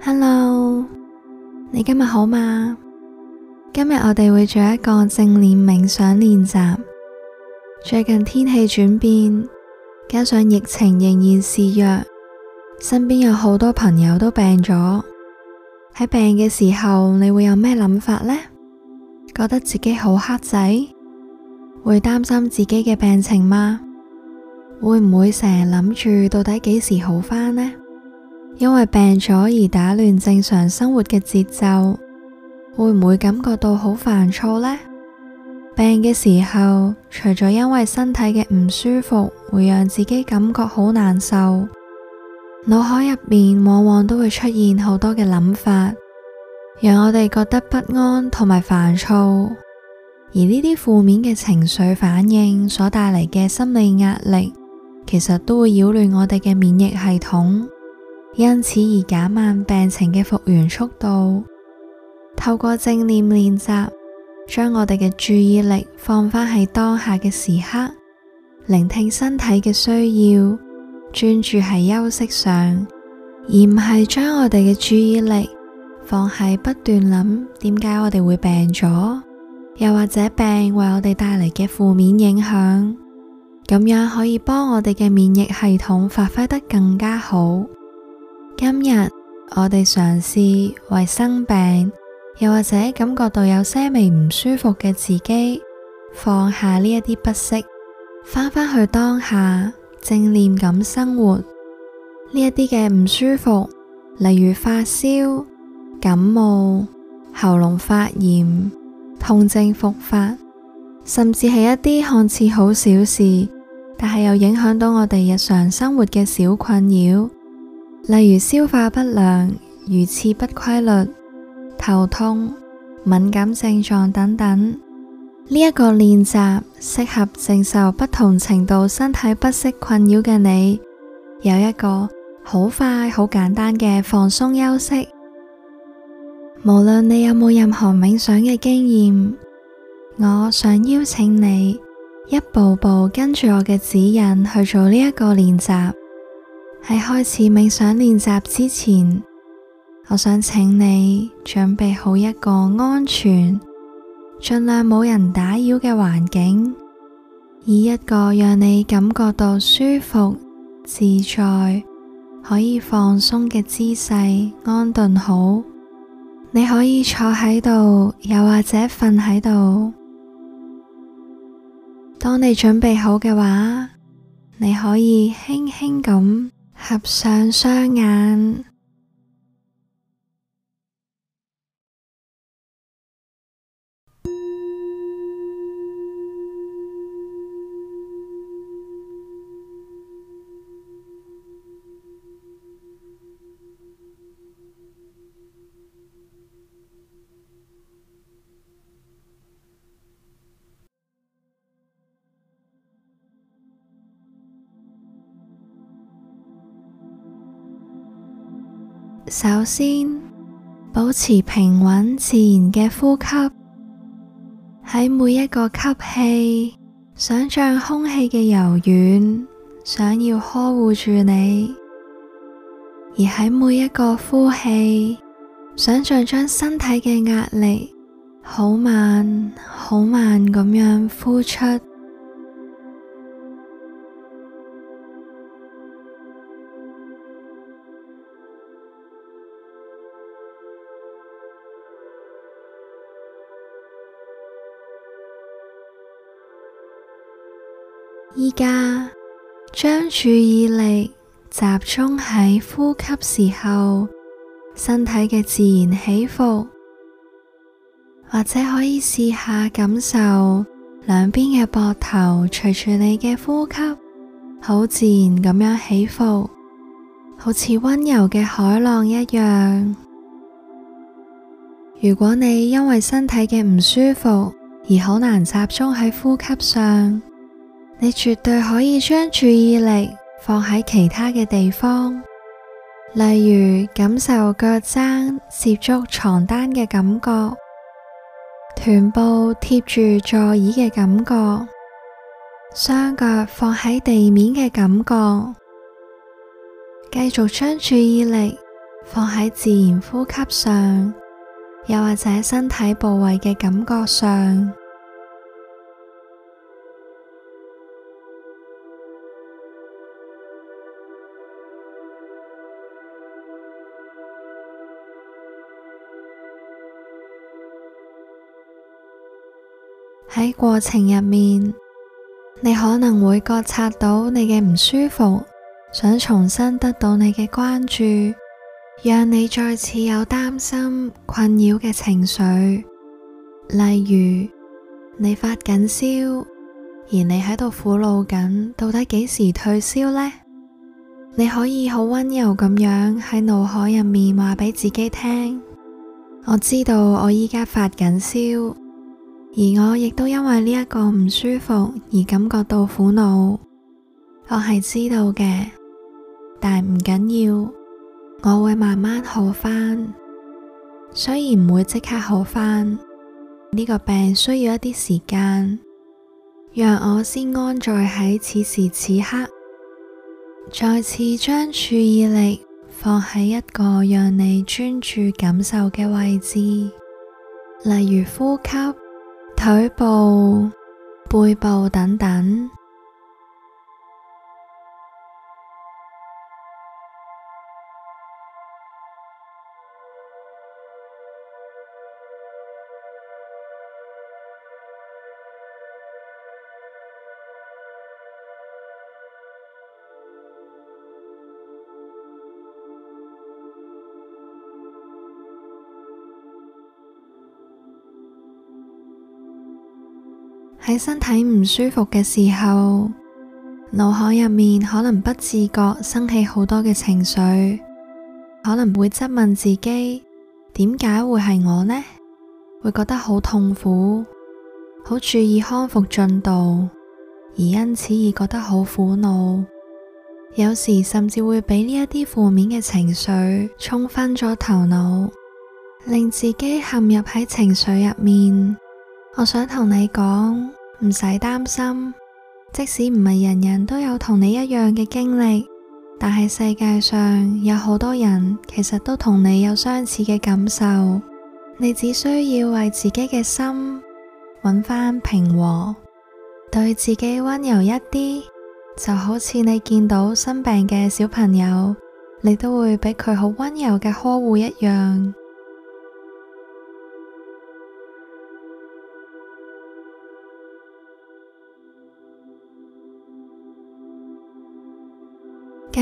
Hello，你今日好嗎？今日我哋會做一個正念冥想練習。最近天氣轉變，加上疫情仍然肆虐，身邊有好多朋友都病咗。喺病嘅時候，你會有咩諗法呢？覺得自己好黑仔，會擔心自己嘅病情嗎？會唔會成日諗住到底幾時好返呢？因為病咗而打亂正常生活嘅節奏，會唔會感覺到好煩躁呢？病嘅時候，除咗因為身體嘅唔舒服，會讓自己感覺好難受，腦海入面往往都會出現好多嘅諗法，讓我哋覺得不安同埋煩躁。而呢啲負面嘅情緒反應所帶嚟嘅心理壓力，其實都會擾亂我哋嘅免疫系統。因此而減慢病情嘅復原速度。透過正念練習，將我哋嘅注意力放返喺當下嘅時刻，聆聽身體嘅需要，專注喺休息上，而唔係將我哋嘅注意力放喺不斷諗點解我哋會病咗，又或者病為我哋帶嚟嘅負面影響。咁樣可以幫我哋嘅免疫系統發揮得更加好。今日我哋嘗試為生病，又或者感覺到有些微唔舒服嘅自己，放下呢一啲不適，返返去當下正念咁生活。呢一啲嘅唔舒服，例如發燒、感冒、喉嚨發炎、痛症復發，甚至係一啲看似好小事，但係又影響到我哋日常生活嘅小困擾。例如消化不良、魚刺不規律、頭痛、敏感症狀等等，呢、這、一個練習適合承受不同程度身體不適困擾嘅你，有一個好快好簡單嘅放鬆休息。無論你有冇任何冥想嘅經驗，我想邀請你一步步跟住我嘅指引去做呢一個練習。喺開始冥想練習之前，我想請你準備好一個安全、盡量冇人打擾嘅環境，以一個讓你感覺到舒服自在、可以放鬆嘅姿勢安頓好。你可以坐喺度，又或者瞓喺度。當你準備好嘅話，你可以輕輕咁。合上雙眼。首先，保持平穩自然嘅呼吸，喺每一個吸氣，想象空氣嘅柔軟想要呵護住你；而喺每一個呼氣，想象將身體嘅壓力好慢、好慢咁樣呼出。依家將注意力集中喺呼吸時候，身體嘅自然起伏，或者可以試下感受兩邊嘅膊頭隨住你嘅呼吸，好自然咁樣起伏，好似溫柔嘅海浪一樣。如果你因為身體嘅唔舒服而好難集中喺呼吸上。你絕對可以將注意力放喺其他嘅地方，例如感受腳踭接觸床單嘅感覺，臀部貼住座椅嘅感覺，雙腳放喺地面嘅感覺，繼續將注意力放喺自然呼吸上，又或者身體部位嘅感覺上。喺過程入面，你可能會覺察到你嘅唔舒服，想重新得到你嘅關注，讓你再次有擔心、困擾嘅情緒。例如，你發緊燒，而你喺度苦惱緊到底幾時退燒呢？你可以好溫柔咁樣喺腦海入面話俾自己聽：我知道我依家發緊燒。而我亦都因為呢一個唔舒服而感覺到苦惱，我係知道嘅，但唔緊要，我會慢慢好翻。雖然唔會即刻好翻，呢個病需要一啲時間，讓我先安在喺此時此刻，再次將注意力放喺一個讓你專注感受嘅位置，例如呼吸。腿部、背部等等。喺身體唔舒服嘅時候，腦海入面可能不自覺生起好多嘅情緒，可能會質問自己點解會係我呢？會覺得好痛苦，好注意康復進度，而因此而覺得好苦惱。有時甚至會俾呢一啲負面嘅情緒沖昏咗頭腦，令自己陷入喺情緒入面。我想同你講，唔使擔心。即使唔係人人都有同你一樣嘅經歷，但係世界上有好多人其實都同你有相似嘅感受。你只需要為自己嘅心揾返平和，對自己温柔一啲，就好似你見到生病嘅小朋友，你都會俾佢好温柔嘅呵護一樣。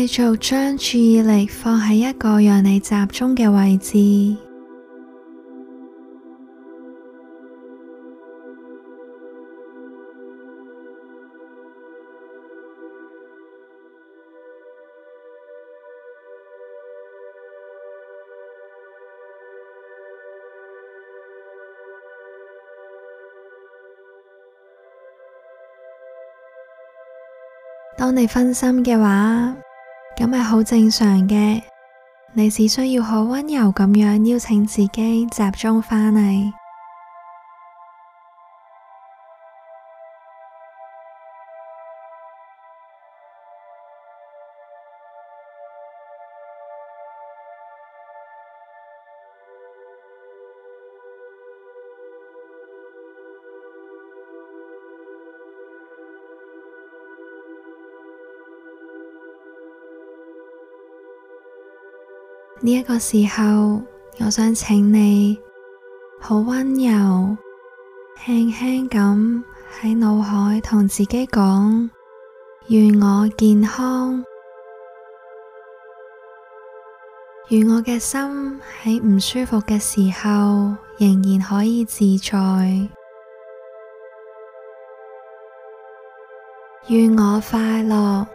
繼續將注意力放喺一個讓你集中嘅位置。當你分心嘅話，咁係好正常嘅，你只需要好溫柔咁樣邀請自己集中返嚟。呢一個時候，我想請你好溫柔，輕輕咁喺腦海同自己講：願我健康，願我嘅心喺唔舒服嘅時候仍然可以自在，願我快樂。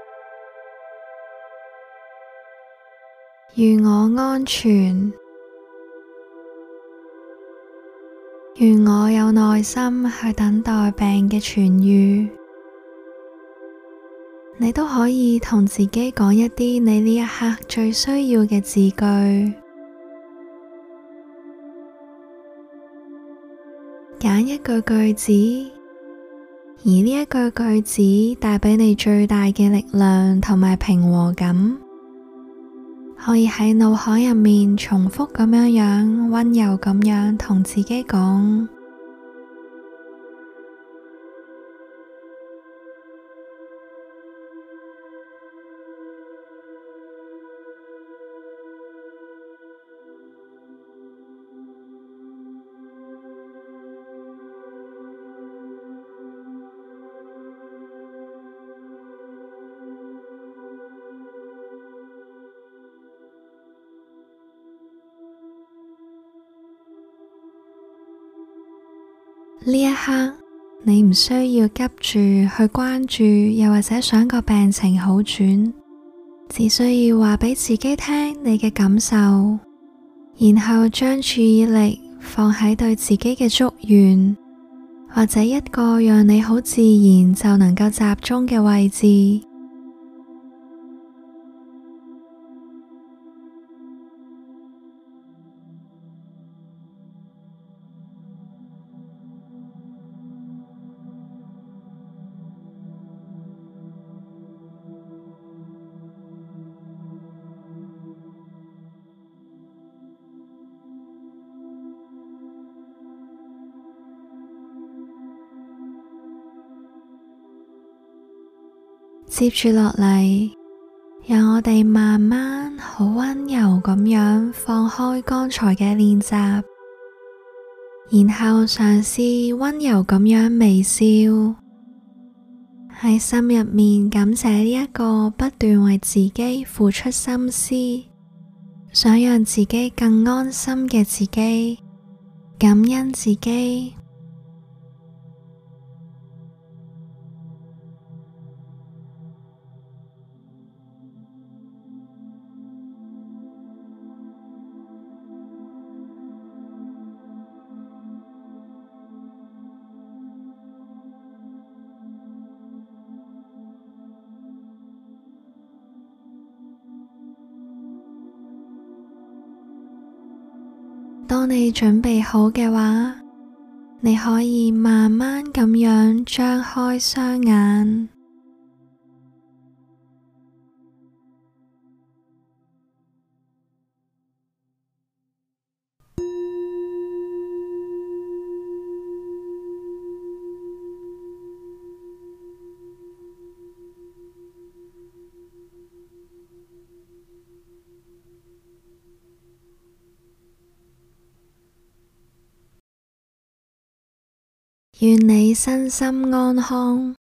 願我安全，願我有耐心去等待病嘅痊癒。你都可以同自己講一啲你呢一刻最需要嘅字句，揀一句句子，而呢一句句子帶畀你最大嘅力量同埋平和感。可以喺腦海入面重複咁樣樣，溫柔咁樣同自己講。呢一刻，你唔需要急住去關注，又或者想個病情好轉，只需要話俾自己聽你嘅感受，然後將注意力放喺對自己嘅祝願，或者一個讓你好自然就能夠集中嘅位置。接住落嚟，讓我哋慢慢、好溫柔咁樣放開剛才嘅練習，然後嘗試溫柔咁樣微笑，喺心入面感謝呢一個不斷為自己付出心思、想讓自己更安心嘅自己，感恩自己。當你準備好嘅話，你可以慢慢咁樣張開雙眼。願你身心安康。